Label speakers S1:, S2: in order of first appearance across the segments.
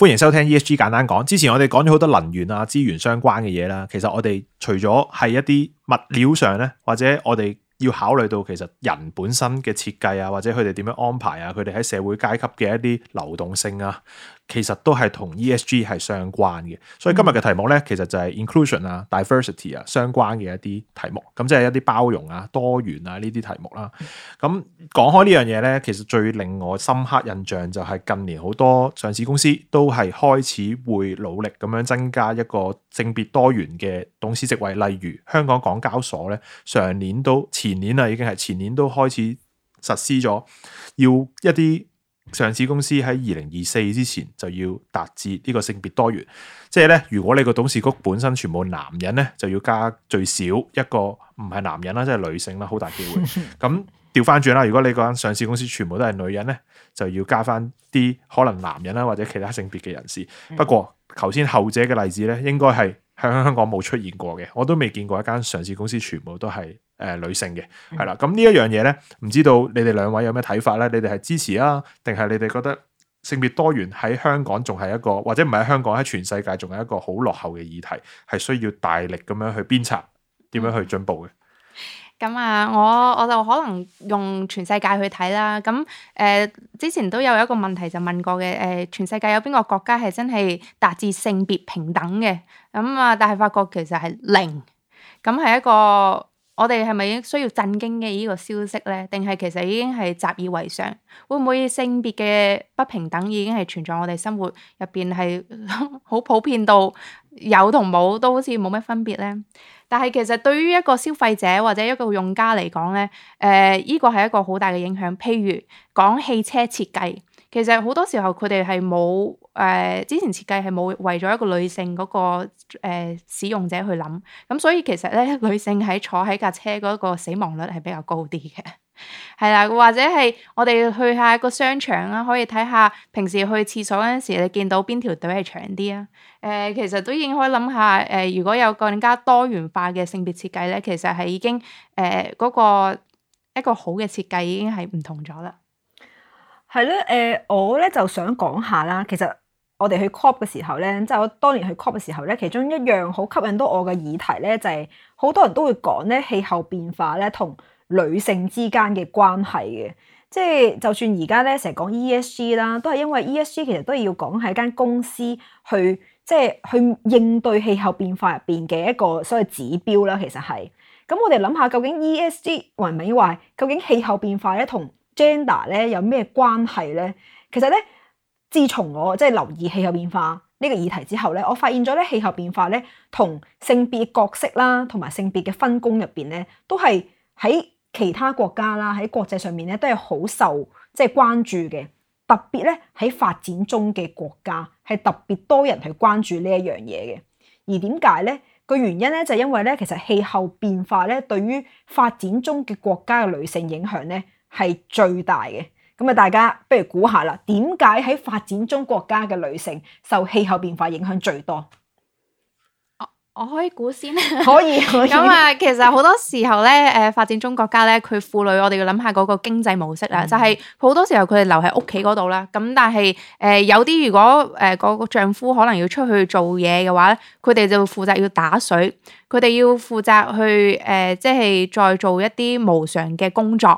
S1: 歡迎收聽 ESG 簡單講。之前我哋講咗好多能源啊、資源相關嘅嘢啦。其實我哋除咗係一啲物料上咧，或者我哋要考慮到其實人本身嘅設計啊，或者佢哋點樣安排啊，佢哋喺社會階級嘅一啲流動性啊。其實都係同 ESG 係相關嘅，所以今日嘅題目咧，其實就係 inclusion 啊、diversity 啊相關嘅一啲題目，咁即係一啲包容啊、多元啊呢啲題目啦。咁講開呢樣嘢咧，其實最令我深刻印象就係近年好多上市公司都係開始會努力咁樣增加一個性別多元嘅董事職位，例如香港港交所咧，上年都前年啊已經係前年都開始實施咗，要一啲。上市公司喺二零二四之前就要達至呢個性別多元，即係咧，如果你個董事局本身全部男人咧，就要加最少一個唔係男人啦，即係女性啦，好大機會。咁調翻轉啦，如果你間上市公司全部都係女人咧，就要加翻啲可能男人啦或者其他性別嘅人士。不過頭先後者嘅例子咧，應該係喺香港冇出現過嘅，我都未見過一間上市公司全部都係。誒、呃，女性嘅係啦，咁、嗯、呢一樣嘢咧，唔知道你哋兩位有咩睇法咧？你哋係支持啊，定係你哋覺得性別多元喺香港仲係一個，或者唔係喺香港喺全世界仲係一個好落後嘅議題，係需要大力咁樣去鞭策，點樣去進步嘅？
S2: 咁、嗯嗯、啊，我我就可能用全世界去睇啦。咁誒、呃，之前都有一個問題就問過嘅，誒、呃，全世界有邊個國家係真係達至性別平等嘅？咁啊，但係發覺其實係零，咁係一個。我哋係咪已需要震驚嘅呢個消息呢？定係其實已經係習以為常？會唔會性別嘅不平等已經係存在我哋生活入面，係好普遍到有同冇都好似冇乜分別呢？但係其實對於一個消費者或者一個用家嚟講呢，誒、呃、依、這個係一個好大嘅影響。譬如講汽車設計。其實好多時候佢哋係冇誒之前設計係冇為咗一個女性嗰、那個誒、呃、使用者去諗，咁、嗯、所以其實咧女性喺坐喺架車嗰個死亡率係比較高啲嘅，係 啦，或者係我哋去下個商場啊，可以睇下平時去廁所嗰陣時你見到邊條隊係長啲啊？誒、呃，其實都應該諗下誒、呃，如果有更加多元化嘅性別設計咧，其實係已經誒嗰、呃那個一個好嘅設
S3: 計已經係唔同咗啦。係咯，誒、呃，我咧就想講下啦。其實我哋去 cop 嘅時候咧，即係我當年去 cop 嘅時候咧，其中一樣好吸引到我嘅議題咧，就係、是，好多人都會講咧氣候變化咧同女性之間嘅關係嘅。即係就算而家咧成日講 ESG 啦，都係因為 ESG 其實都要講係一間公司去即係去應對氣候變化入邊嘅一個所謂指標啦。其實係咁，我哋諗下究竟 ESG 係咪壞？究竟氣候變化咧同？Gender 咧有咩關係咧？其實咧，自從我即係留意氣候變化呢個議題之後咧，我發現咗咧氣候變化咧同性別角色啦，同埋性別嘅分工入邊咧，都係喺其他國家啦，喺國際上面咧都係好受即係關注嘅。特別咧喺發展中嘅國家，係特別多人去關注呢一樣嘢嘅。而點解咧個原因咧就係因為咧，其實氣候變化咧對於發展中嘅國家嘅女性影響咧，係最大嘅。咁啊，大家不如估下啦，點解喺發展中國家嘅女性受氣候變化影響最多？
S2: 我可以估先 可以，可以。咁啊，其實好多時候咧，誒、呃，發展中國家咧，佢婦女，我哋要諗下嗰個經濟模式啊。嗯、就係好多時候佢哋留喺屋企嗰度啦。咁但係誒、呃，有啲如果誒嗰個、呃、丈夫可能要出去做嘢嘅話咧，佢哋就會負責要打水，佢哋要負責去誒，即、呃、係、就是、再做一啲無償嘅工作。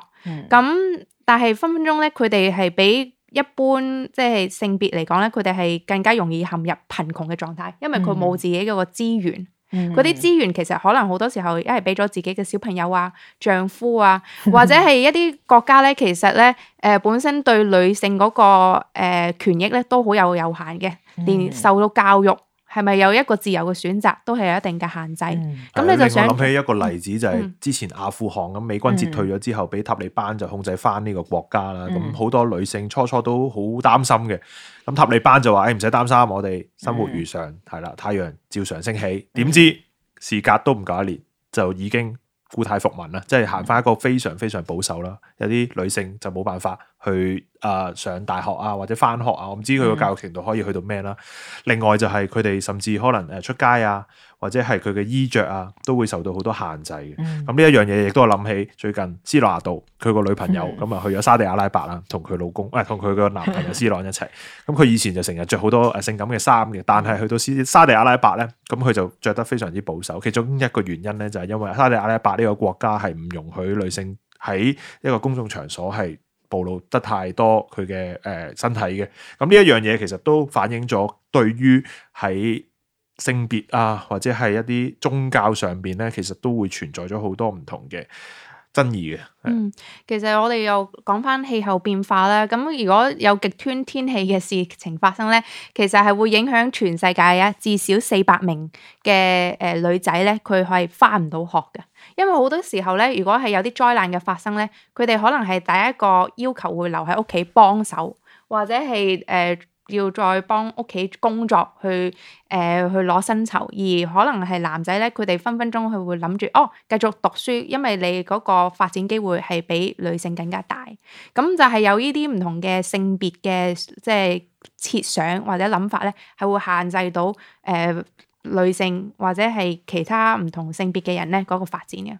S2: 咁、嗯、但係分分鐘咧，佢哋係俾。一般即係、就是、性別嚟講咧，佢哋係更加容易陷入貧窮嘅狀態，因為佢冇自己嗰個資源。嗰啲、mm hmm. 資源其實可能好多時候一係俾咗自己嘅小朋友啊、丈夫啊，或者係一啲國家咧，其實咧誒、呃、本身對女性嗰、那個誒、呃、權益咧都好有有限嘅，連受到教育、mm。Hmm. 係咪有一個自由嘅選擇，都係有一定嘅限制。咁、嗯、你就想諗起一個例
S1: 子，就係之前阿富汗咁，嗯、美軍撤退咗之後，俾、嗯、塔利班就控制翻呢個國家啦。咁好、嗯、多女性初初都好擔心嘅，咁、嗯、塔利班就話，誒唔使擔心，我哋生活如常，係啦、嗯，太陽照常升起。點知、嗯、時隔都唔夠一年，就已經故態復萌啦，即係行翻一個非常非常保守啦。有啲女性就冇辦法。去啊、呃、上大學啊或者翻學啊，我唔知佢個教育程度可以去到咩啦。嗯、另外就係佢哋甚至可能誒出街啊或者係佢嘅衣着啊都會受到好多限制嘅。咁呢一樣嘢亦都係諗起最近斯諾亞度佢個女朋友咁啊、嗯嗯、去咗沙地阿拉伯啦，同佢老公，唔同佢個男朋友斯諾一齊。咁佢 以前就成日着好多誒性感嘅衫嘅，但係去到沙地阿拉伯咧，咁佢就着得非常之保守。其中一個原因咧就係因為沙地阿拉伯呢個國家係唔容許女性喺一個公眾場所係暴露得太多佢嘅誒身體嘅，咁呢一樣嘢其實都反映咗對於喺性別啊，或者係一啲宗教上邊咧，其實都會存在咗好多唔同嘅。爭議嘅，嗯，
S2: 其實我哋又講翻氣候變化啦。咁如果有極端天氣嘅事情發生咧，其實係會影響全世界啊。至少四百名嘅誒、呃、女仔咧，佢係翻唔到學㗎，因為好多時候咧，如果係有啲災難嘅發生咧，佢哋可能係第一個要求會留喺屋企幫手，或者係誒。呃要再幫屋企工作去，誒、呃、去攞薪酬，而可能係男仔咧，佢哋分分鐘佢會諗住哦，繼續讀書，因為你嗰個發展機會係比女性更加大。咁就係有呢啲唔同嘅性別嘅即係設想或者諗法咧，係會限制到誒、呃、女性或者係其他唔
S3: 同性別嘅人咧嗰、嗰個發展嘅。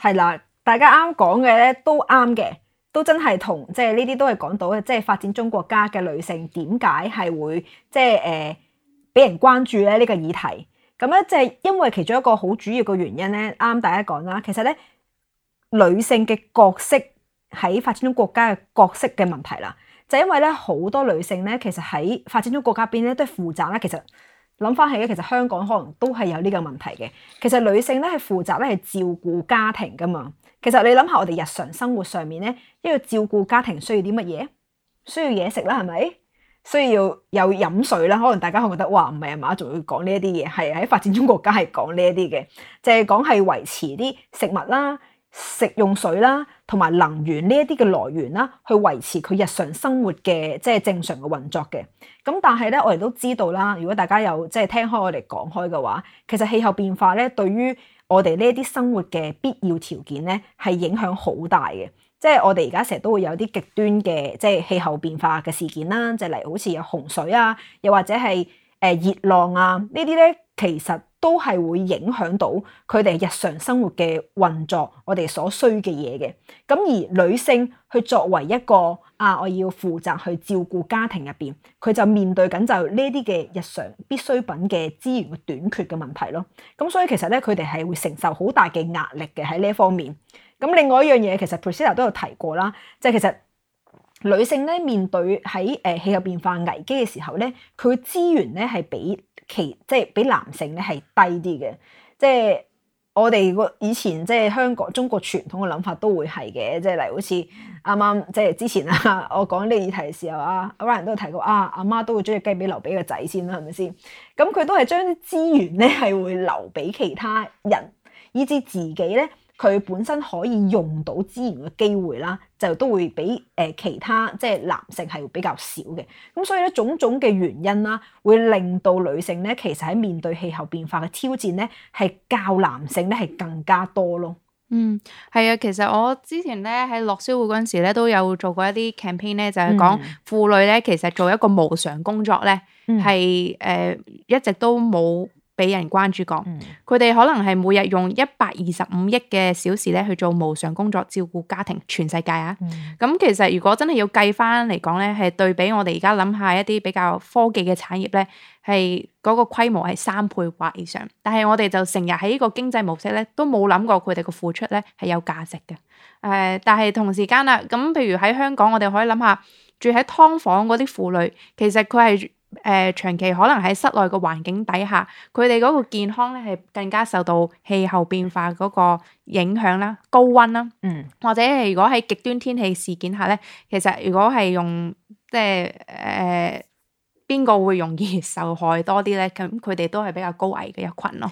S3: 係啦，大家啱講嘅咧都啱嘅。都真係同即係呢啲都係講到嘅，即係發展中國家嘅女性點解係會即係誒俾人關注咧呢個議題？咁咧即係因為其中一個好主要嘅原因咧，啱啱大家講啦，其實咧女性嘅角色喺發展中國家嘅角色嘅問題啦，就因為咧好多女性咧其實喺發展中國家邊咧都係負責啦。其實諗翻起咧，其實香港可能都係有呢個問題嘅。其實女性咧係負責咧係照顧家庭噶嘛。其實你諗下，我哋日常生活上面咧，一個照顧家庭需要啲乜嘢？需要嘢食啦，係咪？需要有飲水啦。可能大家可能覺得，哇，唔係啊嘛，仲要講呢一啲嘢，係喺發展中國家梗係講呢一啲嘅，就係講係維持啲食物啦、食用水啦同埋能源呢一啲嘅來源啦，去維持佢日常生活嘅即係正常嘅運作嘅。咁但係咧，我哋都知道啦，如果大家有即係聽開我哋講開嘅話，其實氣候變化咧對於。我哋呢一啲生活嘅必要條件咧，係影響好大嘅。即係我哋而家成日都會有啲極端嘅，即係氣候變化嘅事件啦，就係例如好似有洪水啊，又或者係誒熱浪啊，呢啲咧其實。都係會影響到佢哋日常生活嘅運作，我哋所需嘅嘢嘅。咁而女性去作為一個啊，我要負責去照顧家庭入邊，佢就面對緊就呢啲嘅日常必需品嘅資源嘅短缺嘅問題咯。咁、嗯、所以其實咧，佢哋係會承受好大嘅壓力嘅喺呢一方面。咁、嗯、另外一樣嘢，其實 Priscilla 都有提過啦，即係其實。女性咧，面對喺誒氣候變化危機嘅時候咧，佢資源咧係比其即係比男性咧係低啲嘅。即係我哋個以前即係香港中國傳統嘅諗法都會係嘅。即係例如好似啱啱即係之前 啊，我講呢個議題嘅時候啊，好多人都提過啊，阿媽都會將隻雞髀留俾個仔先啦，係咪先？咁佢都係將啲資源咧係會留俾其他人，以至自己咧。佢本身可以用到資源嘅機會啦，就都會比誒其他即係男性係比較少嘅。咁所以咧，種種嘅原因啦，會令到女性咧，其實喺面對氣候變化嘅挑戰咧，係較男性咧係更加多咯。嗯，
S2: 係啊，其實我之前咧喺樂施會嗰陣時咧，都有做過一啲 campaign 咧，就係講婦女咧，其實做一個無償工作咧，係誒、嗯呃、一直都冇俾人關注過，佢哋、嗯、可能係每日用一百二十五億嘅小時咧去做無償工作照顧家庭，全世界啊！咁、嗯、其實如果真係要計翻嚟講咧，係對比我哋而家諗下一啲比較科技嘅產業咧，係嗰個規模係三倍或以上。但係我哋就成日喺呢個經濟模式咧，都冇諗過佢哋嘅付出咧係有價值嘅。誒、呃，但係同時間啦、啊，咁譬如喺香港，我哋可以諗下住喺劏房嗰啲婦女，其實佢係。誒、呃，長期可能喺室內嘅環境底下，佢哋嗰個健康咧係更加受到氣候變化嗰個影響啦，高温啦，嗯，或者係如果喺極端天氣事件下咧，其實如果係用即係誒、呃，邊個會容易受害多啲咧？咁佢哋都係比較
S3: 高危嘅一群咯。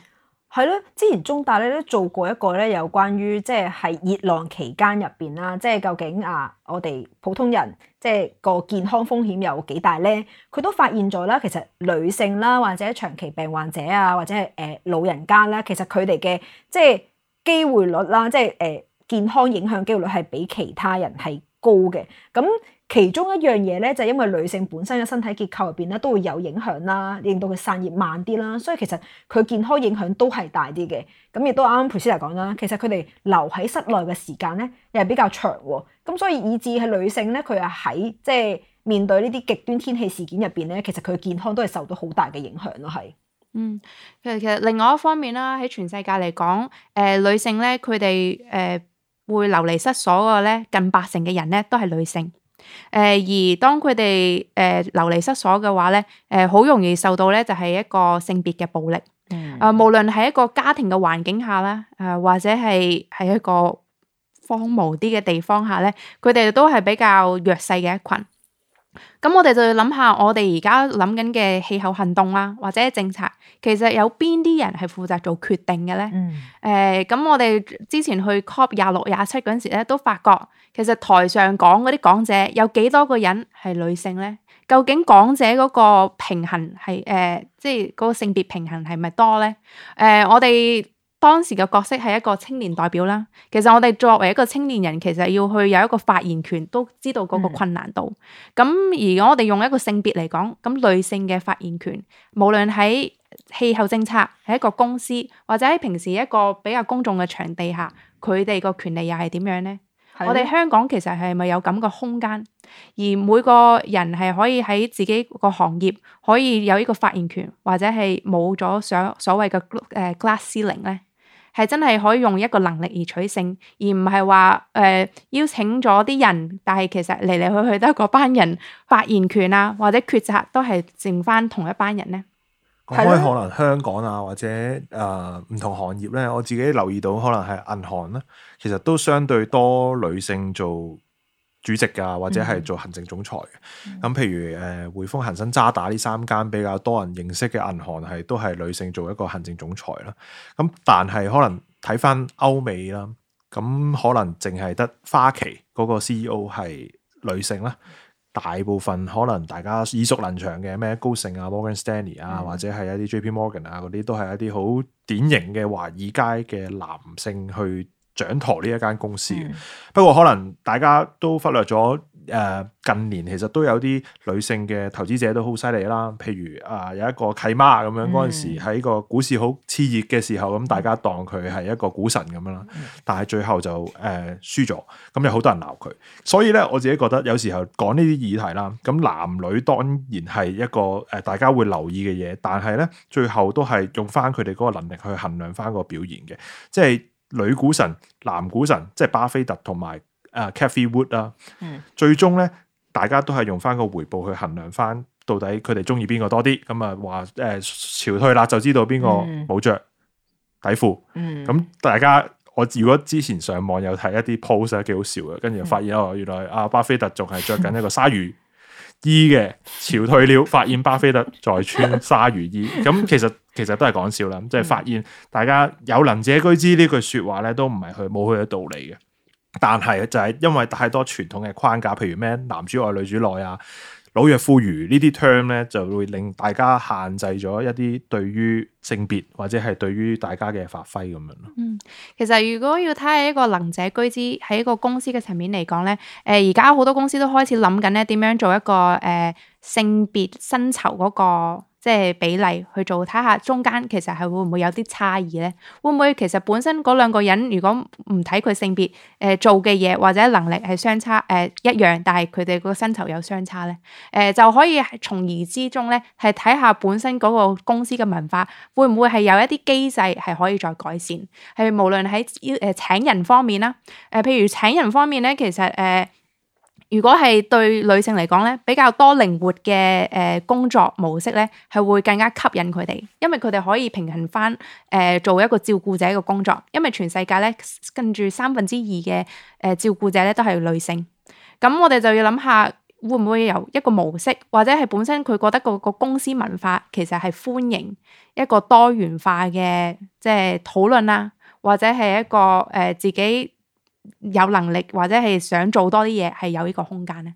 S3: 係咯，之前中大咧都做過一個咧，有關於即係係熱浪期間入邊啦，即係究竟啊，我哋普通人即係個健康風險有幾大咧？佢都發現咗啦，其實女性啦，或者長期病患者啊，或者係誒老人家啦，其實佢哋嘅即係機會率啦，即係誒健康影響機會率係比其他人係高嘅，咁其中一樣嘢咧，就係、是、因為女性本身嘅身體結構入邊咧，都會有影響啦，令到佢散熱慢啲啦，所以其實佢健康影響都係大啲嘅。咁亦都啱啱培師嚟講啦，其實佢哋留喺室內嘅時間咧，又係比較長，咁所以以致係女性咧，佢又喺即係面對呢啲極端天氣事件入邊咧，其實佢健康都係受到好大嘅影響咯，係。嗯，其實
S2: 其實另外一方面啦，喺全世界嚟講，誒、呃、女性咧，佢哋誒。會流離失所嘅咧，近八成嘅人咧都係女性，誒，而當佢哋誒流離失所嘅話咧，誒，好容易受到咧就係一個性別嘅暴力，啊、嗯，無論喺一個家庭嘅環境下啦，啊，或者係喺一個荒蕪啲嘅地方下咧，佢哋都係比較弱勢嘅一群。咁我哋就要諗下，我哋而家諗緊嘅氣候行動啊，或者政策，其實有邊啲人係負責做決定嘅咧？誒、嗯，咁、呃、我哋之前去 COP 廿六廿七嗰陣時咧，都發覺其實台上講嗰啲講者有幾多個人係女性咧？究竟講者嗰個平衡係誒、呃，即係嗰個性別平衡係咪多咧？誒、呃，我哋。當時嘅角色係一個青年代表啦。其實我哋作為一個青年人，其實要去有一個發言權，都知道嗰個困難度。咁如果我哋用一個性別嚟講，咁女性嘅發言權，無論喺氣候政策，喺一個公司，或者喺平時一個比較公眾嘅場地下，佢哋個權利又係點樣呢？的我哋香港其實係咪有咁個空間？而每個人係可以喺自己個行業可以有呢個發言權，或者係冇咗所所謂嘅誒 gl- Glass Ceiling 呢？係真係可以用一個能力而取勝，而唔係話誒邀請咗啲人，但係其實嚟嚟去去都係嗰班人發言權啊，或者決策都係剩翻同一班人咧。講開
S1: 可能香港啊，或者誒唔、呃、同行業咧，我自己留意到可能係銀行咧，其實都相對多女性做。主席啊，或者係做行政總裁嘅。咁、嗯、譬如誒、呃、匯豐恒生、渣打呢三間比較多人認識嘅銀行，係都係女性做一個行政總裁啦。咁但係可能睇翻歐美啦，咁可能淨係得花旗嗰個 CEO 係女性啦。大部分可能大家耳熟能詳嘅咩高盛啊、Morgan Stanley 啊，嗯、或者係一啲 JP Morgan 啊嗰啲，都係一啲好典型嘅華爾街嘅男性去掌舵呢一間公司，mm hmm. 不過可能大家都忽略咗誒、呃，近年其實都有啲女性嘅投資者都好犀利啦。譬如啊、呃，有一個契媽咁樣嗰陣、mm hmm. 時，喺個股市好熾熱嘅時候，咁大家當佢係一個股神咁樣啦。但係最後就誒輸咗，咁、呃、有好多人鬧佢。所以咧，我自己覺得有時候講呢啲議題啦，咁男女當然係一個誒大家會留意嘅嘢，但係咧最後都係用翻佢哋嗰個能力去衡量翻個表現嘅，即係。女股神、男股神，即係巴菲特同埋啊 Cathy Wood 啦，嗯，最終咧大家都係用翻個回報去衡量翻，到底佢哋中意邊個多啲。咁啊話誒潮退啦就知道邊個冇着底褲，咁大家我如果之前上網有睇一啲 post 咧幾好笑嘅，跟住發現哦原來阿巴菲特仲係着緊一個鯊魚。嗯 衣嘅潮退了，發現巴菲特在穿鯊魚衣。咁其實其實都係講笑啦，即係發現大家有能者居之呢句說話咧，都唔係佢冇佢嘅道理嘅。但係就係因為太多傳統嘅框架，譬如咩男主外女主內啊。老弱婦孺呢啲 term 咧，就會令大家限制咗一啲對於性別或者係對於大家嘅發揮咁樣
S2: 咯。嗯，其實如果要睇係一個能者居之喺一個公司嘅層面嚟講咧，誒而家好多公司都開始諗緊咧點樣做一個誒、呃、性別薪酬嗰、那個。即係比例去做睇下，看看中間其實係會唔會有啲差異咧？會唔會其實本身嗰兩個人如果唔睇佢性別，誒、呃、做嘅嘢或者能力係相差誒一樣，但係佢哋個薪酬有相差咧？誒、呃、就可以從而之中咧係睇下本身嗰個公司嘅文化會唔會係有一啲機制係可以再改善？係無論喺誒請人方面啦，誒、呃、譬如請人方面咧，其實誒。呃如果係對女性嚟講咧，比較多靈活嘅誒工作模式咧，係會更加吸引佢哋，因為佢哋可以平衡翻誒、呃、做一個照顧者嘅工作，因為全世界咧近住三分之二嘅誒照顧者咧都係女性，咁我哋就要諗下會唔會有一個模式，或者係本身佢覺得嗰個，個公司文化其實係歡迎一個多元化嘅即係討論啊，或者係一個誒、呃、自己。有能力或者係想做多啲嘢，係有呢個空間咧。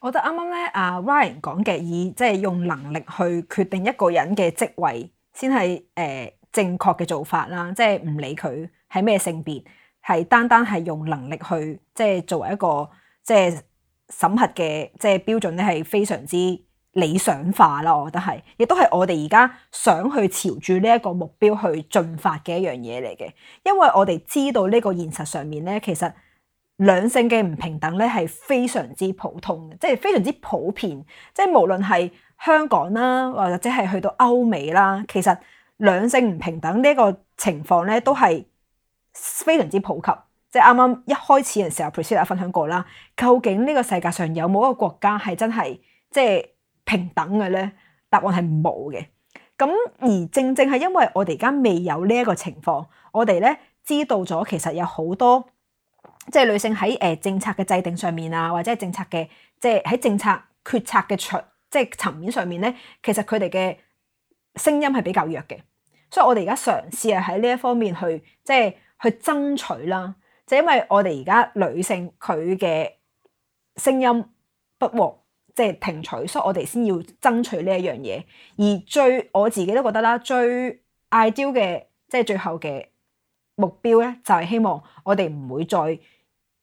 S3: 我覺得啱啱咧，阿 Ryan 講嘅以即係、就是、用能力去決定一個人嘅職位，先係誒正確嘅做法啦。即係唔理佢係咩性別，係單單係用能力去即係作為一個即係審核嘅即係標準咧，係非常之理想化啦，我覺得係，亦都係我哋而家想去朝住呢一個目標去進發嘅一樣嘢嚟嘅。因為我哋知道呢個現實上面咧，其實兩性嘅唔平等咧係非常之普通嘅，即係非常之普遍。即係無論係香港啦，或者係去到歐美啦，其實兩性唔平等呢一個情況咧，都係非常之普及。即係啱啱一開始嘅時候，Priscilla 分享過啦，究竟呢個世界上有冇一個國家係真係即係平等嘅咧，答案，係冇嘅。咁而正正係因為我哋而家未有呢一個情況，我哋咧知道咗，其實有好多即係、就是、女性喺誒政策嘅制定上面啊，或者係政策嘅即係喺政策決策嘅層即係層面上面咧，其實佢哋嘅聲音係比較弱嘅。所以我哋而家嘗試係喺呢一方面去即係、就是、去爭取啦。就是、因為我哋而家女性佢嘅聲音不和。即係停取，所以我哋先要爭取呢一樣嘢。而最我自己都覺得啦，最 ideal 嘅即係、就是、最後嘅目標咧，就係、是、希望我哋唔會再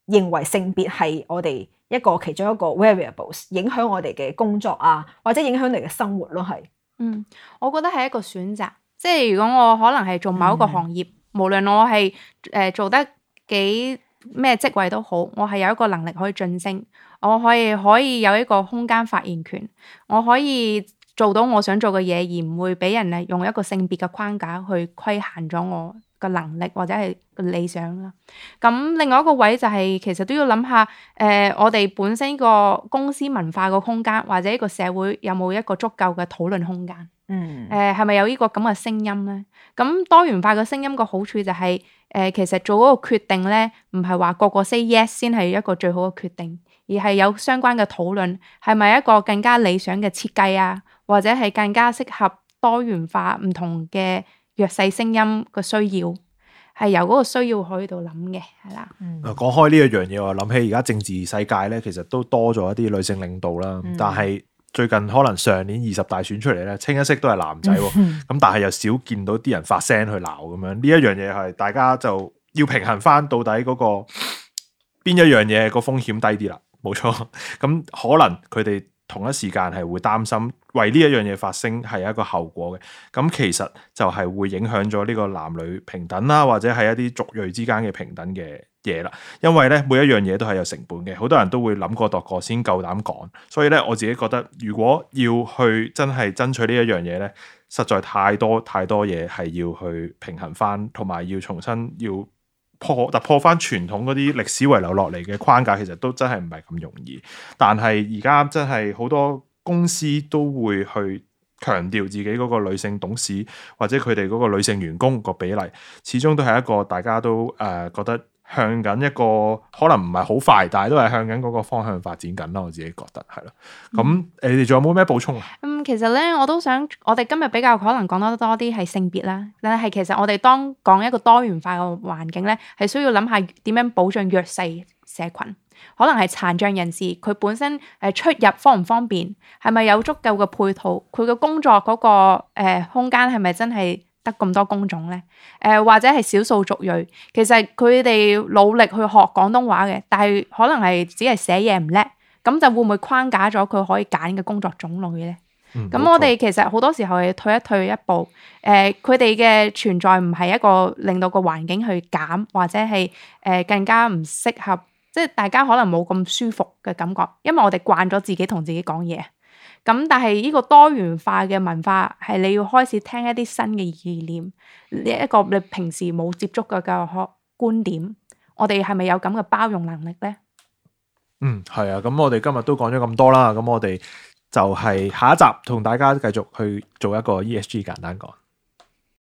S3: 認為性別係我哋一個其中一個 variables 影響我哋嘅工作啊，或者影響你嘅生活咯、啊。係，嗯，我覺得係一個選擇。即係如果我可能係做某一個行業，嗯、無
S2: 論我係誒、呃、做得幾咩職位都好，我係有一個能力可以晉升。我可以可以有一個空間發言權，我可以做到我想做嘅嘢，而唔會俾人哋用一個性別嘅框架去規限咗我嘅能力或者係個理想啦。咁另外一個位就係其實都要諗下，誒、呃，我哋本身呢個公司文化個空間或者呢個社會有冇一個足夠嘅討論空間。嗯，誒，係咪有呢個咁嘅聲音咧？咁多元化嘅聲音個好處就係、是，誒、呃，其實做嗰個決定咧，唔係話個個 say yes 先係一個最好嘅決定，而係有相關嘅討論，係咪一個更加理想嘅設計啊？或者係更加適合多元化唔同嘅弱勢聲音嘅需要，係由嗰個需要喺度諗嘅，係啦。講
S1: 開呢一樣嘢，我諗起而家政治世界咧，其實都多咗一啲女性領導啦，嗯、但係。最近可能上年二十大選出嚟咧，清一色都係男仔，咁、嗯、哼但係又少見到啲人發聲去鬧咁樣，呢一樣嘢係大家就要平衡返，到底嗰、嗰個邊一樣嘢個風險低啲啦，冇錯。咁可能佢哋同一時間係會擔心。為呢一樣嘢發聲係一個後果嘅，咁其實就係會影響咗呢個男女平等啦，或者係一啲族裔之間嘅平等嘅嘢啦。因為咧，每一樣嘢都係有成本嘅，好多人都會諗過度過先夠膽講。所以咧，我自己覺得如果要去真係爭取呢一樣嘢咧，實在太多太多嘢係要去平衡翻，同埋要重新要破突破翻傳統嗰啲歷史遺留落嚟嘅框架，其實都真係唔係咁容易。但係而家真係好多。公司都會去強調自己嗰個女性董事或者佢哋嗰個女性員工個比例，始終都係一個大家都誒、呃、覺得向緊一個可能唔係好快，但係都係向緊嗰個方向發展緊啦。我自己覺得係咯。咁、嗯、你哋仲有冇咩補充
S2: 啊？咁、嗯、其實咧，我都想我哋今日比較可能講得多啲係性別啦，但係其實我哋當講一個多元化嘅環境咧，係需要諗下點樣保障弱勢社群。可能係殘障人士，佢本身誒出入方唔方便，係咪有足夠嘅配套？佢嘅工作嗰、那個誒、呃、空間係咪真係得咁多工種咧？誒、呃、或者係少數族裔，其實佢哋努力去學廣東話嘅，但係可能係只係寫嘢唔叻，咁就會唔會框架咗佢可以揀嘅工作種類咧？咁、嗯、我哋其實好多時候係退一退一步，誒佢哋嘅存在唔係一個令到個環境去減，或者係誒、呃、更加唔適合。即係大家可能冇咁舒服嘅感覺，因為我哋慣咗自己同自己講嘢，咁但係呢個多元化嘅文化係你要開始聽一啲新嘅意念，呢一個你平時冇接觸過嘅學觀點，我哋係咪有咁嘅包容能力咧？
S1: 嗯，係啊，咁我哋今日都講咗咁多啦，咁我哋就係下一集同大家繼續去做一個 E S G 簡單講。